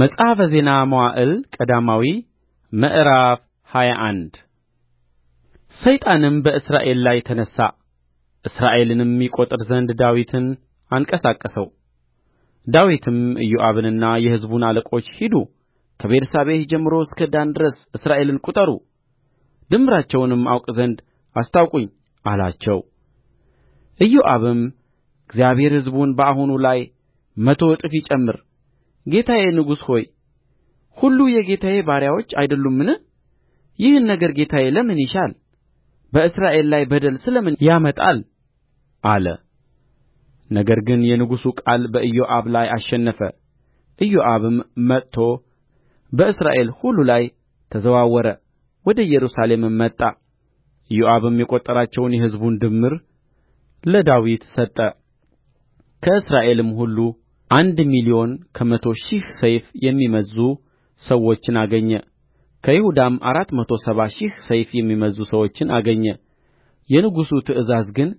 መጽሐፈ ዜና መዋዕል ቀዳማዊ ምዕራፍ ሃያ አንድ ሰይጣንም በእስራኤል ላይ ተነሣ እስራኤልንም ይቈጥር ዘንድ ዳዊትን አንቀሳቀሰው ዳዊትም ኢዮአብንና የሕዝቡን አለቆች ሂዱ ከቤርሳቤህ ጀምሮ እስከ ዳን ድረስ እስራኤልን ቍጠሩ ድምራቸውንም አውቅ ዘንድ አስታውቁኝ አላቸው ኢዮአብም እግዚአብሔር ሕዝቡን በአሁኑ ላይ መቶ እጥፍ ይጨምር ጌታዬ ንጉሥ ሆይ ሁሉ የጌታዬ ባሪያዎች አይደሉምን ይህን ነገር ጌታዬ ለምን ይሻል በእስራኤል ላይ በደል ስለ ምን ያመጣል አለ ነገር ግን የንጉሡ ቃል በኢዮአብ ላይ አሸነፈ ኢዮአብም መጥቶ በእስራኤል ሁሉ ላይ ተዘዋወረ ወደ ኢየሩሳሌምም መጣ ኢዮአብም የቈጠራቸውን የሕዝቡን ድምር ለዳዊት ሰጠ ከእስራኤልም ሁሉ አንድ ሚሊዮን ከመቶ ሺህ ሰይፍ የሚመዝዙ ሰዎችን አገኘ ከይሁዳም አራት መቶ ሰባ ሺህ ሰይፍ የሚመዝዙ ሰዎችን አገኘ የንጉሡ ትእዛዝ ግን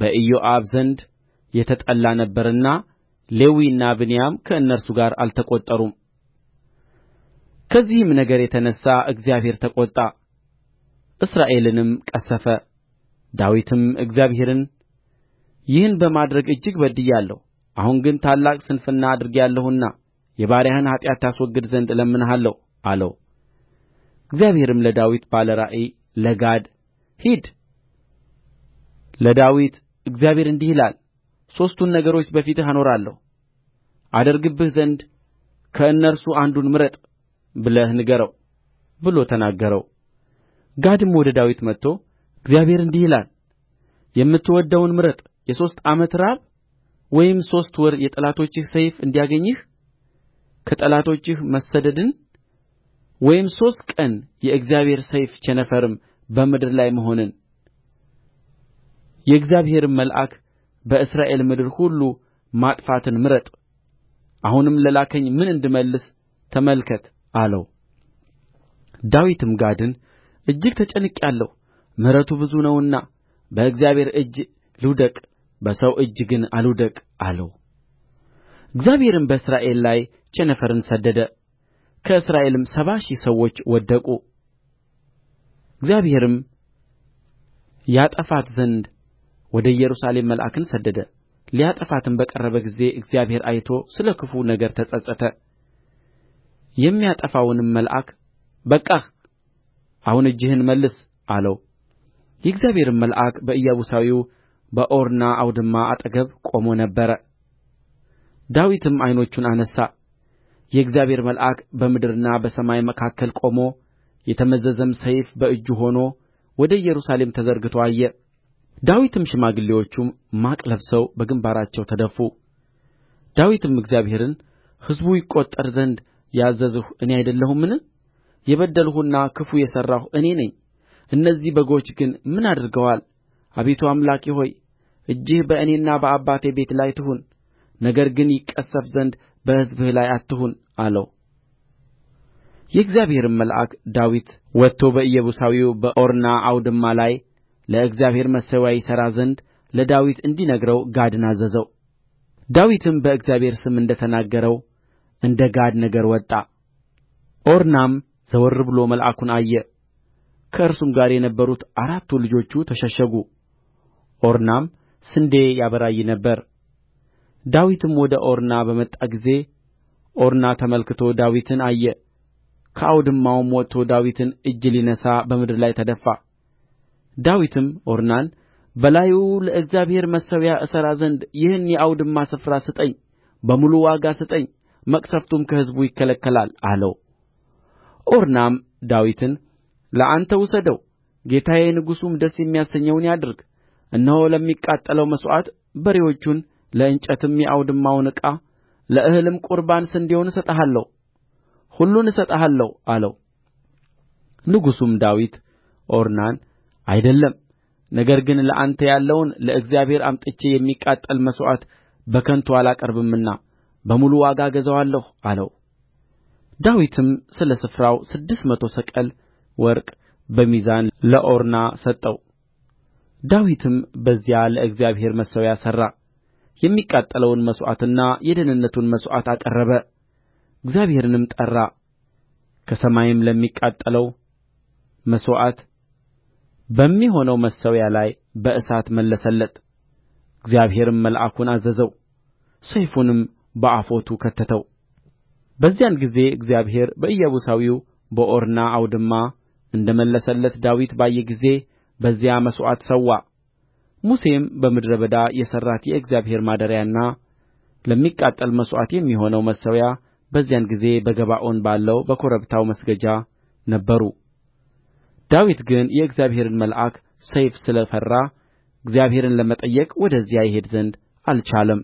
በኢዮአብ ዘንድ የተጠላ ነበርና ሌዊና ብንያም ከእነርሱ ጋር አልተቈጠሩም ከዚህም ነገር የተነሣ እግዚአብሔር ተቈጣ እስራኤልንም ቀሠፈ ዳዊትም እግዚአብሔርን ይህን በማድረግ እጅግ በድያለሁ አሁን ግን ታላቅ ስንፍና አድርጌአለሁና የባሪያህን ኃጢአት ታስወግድ ዘንድ እለምንሃለሁ አለው እግዚአብሔርም ለዳዊት ባለ ራእይ ለጋድ ሂድ ለዳዊት እግዚአብሔር እንዲህ ይላል ሦስቱን ነገሮች በፊትህ አኖራለሁ አደርግብህ ዘንድ ከእነርሱ አንዱን ምረጥ ብለህ ንገረው ብሎ ተናገረው ጋድም ወደ ዳዊት መጥቶ እግዚአብሔር እንዲህ ይላል የምትወድደውን ምረጥ የሦስት ዓመት ራብ ወይም ሦስት ወር የጠላቶችህ ሰይፍ እንዲያገኝህ ከጠላቶችህ መሰደድን ወይም ሦስት ቀን የእግዚአብሔር ሰይፍ ቸነፈርም በምድር ላይ መሆንን የእግዚአብሔርም መልአክ በእስራኤል ምድር ሁሉ ማጥፋትን ምረጥ አሁንም ለላከኝ ምን እንድመልስ ተመልከት አለው ዳዊትም ጋድን እጅግ ተጨንቄአለሁ ምሕረቱ ብዙ ነውና በእግዚአብሔር እጅ ልውደቅ በሰው እጅ ግን አልውደቅ አለው እግዚአብሔርም በእስራኤል ላይ ቸነፈርን ሰደደ ከእስራኤልም ሰባ ሺህ ሰዎች ወደቁ እግዚአብሔርም ያጠፋት ዘንድ ወደ ኢየሩሳሌም መልአክን ሰደደ ሊያጠፋትም በቀረበ ጊዜ እግዚአብሔር አይቶ ስለ ክፉ ነገር ተጸጸተ የሚያጠፋውንም መልአክ በቃህ አሁን እጅህን መልስ አለው የእግዚአብሔርም መልአክ በኢያቡሳዊው በኦርና አውድማ አጠገብ ቆሞ ነበር ዳዊትም ዓይኖቹን አነሣ የእግዚአብሔር መልአክ በምድርና በሰማይ መካከል ቆሞ የተመዘዘም ሰይፍ በእጁ ሆኖ ወደ ኢየሩሳሌም ተዘርግቶ አየ ዳዊትም ሽማግሌዎቹም ማቅ ለብሰው በግምባራቸው ተደፉ ዳዊትም እግዚአብሔርን ሕዝቡ ይቈጠር ዘንድ ያዘዝሁ እኔ አይደለሁምን የበደልሁና ክፉ የሠራሁ እኔ ነኝ እነዚህ በጎች ግን ምን አድርገዋል አቤቱ አምላኬ ሆይ እጅህ በእኔና በአባቴ ቤት ላይ ትሁን ነገር ግን ይቀሠፍ ዘንድ በሕዝብህ ላይ አትሁን አለው የእግዚአብሔርም መልአክ ዳዊት ወጥቶ በኢያቡሳዊው በኦርና አውድማ ላይ ለእግዚአብሔር መሠዊያ ይሠራ ዘንድ ለዳዊት እንዲነግረው ጋድን አዘዘው ዳዊትም በእግዚአብሔር ስም እንደ ተናገረው እንደ ጋድ ነገር ወጣ ኦርናም ዘወር ብሎ መልአኩን አየ ከእርሱም ጋር የነበሩት አራቱ ልጆቹ ተሸሸጉ ኦርናም ስንዴ ያበራይ ነበር ዳዊትም ወደ ኦርና በመጣ ጊዜ ኦርና ተመልክቶ ዳዊትን አየ ከአውድማውም ወጥቶ ዳዊትን እጅ ሊነሣ በምድር ላይ ተደፋ ዳዊትም ኦርናን በላዩ ለእግዚአብሔር መሠዊያ እሠራ ዘንድ ይህን የአውድማ ስፍራ ስጠኝ በሙሉ ዋጋ ስጠኝ መቅሠፍቱም ከሕዝቡ ይከለከላል አለው ኦርናም ዳዊትን ለአንተ ውሰደው ጌታዬ ንጉሡም ደስ የሚያሰኘውን ያድርግ እነሆ ለሚቃጠለው መሥዋዕት በሬዎቹን ለእንጨትም የአውድማውን ዕቃ ለእህልም ቍርባን ስንዴውን እሰጥሃለሁ ሁሉን እሰጥሃለሁ አለው ንጉሡም ዳዊት ኦርናን አይደለም ነገር ግን ለአንተ ያለውን ለእግዚአብሔር አምጥቼ የሚቃጠል መሥዋዕት በከንቱ አላቀርብምና በሙሉ ዋጋ እገዛዋለሁ አለው ዳዊትም ስለ ስፍራው ስድስት መቶ ሰቅል ወርቅ በሚዛን ለኦርና ሰጠው ዳዊትም በዚያ ለእግዚአብሔር መሠዊያ ሠራ የሚቃጠለውን መሥዋዕትና የደኅንነቱን መሥዋዕት አቀረበ እግዚአብሔርንም ጠራ ከሰማይም ለሚቃጠለው መሥዋዕት በሚሆነው መሠዊያ ላይ በእሳት መለሰለት እግዚአብሔርም መልአኩን አዘዘው ሰይፉንም በአፎቱ ከተተው በዚያን ጊዜ እግዚአብሔር በኢያቡሳዊው በኦርና አውድማ እንደ መለሰለት ዳዊት ባየ ጊዜ በዚያ መሥዋዕት ሠዋ ሙሴም በምድረ በዳ የሠራት የእግዚአብሔር ማደሪያና ለሚቃጠል መሥዋዕት የሚሆነው መሠዊያ በዚያን ጊዜ በገባዖን ባለው በኮረብታው መስገጃ ነበሩ ዳዊት ግን የእግዚአብሔርን መልአክ ሰይፍ ስለ ፈራ እግዚአብሔርን ለመጠየቅ ወደዚያ ይሄድ ዘንድ አልቻለም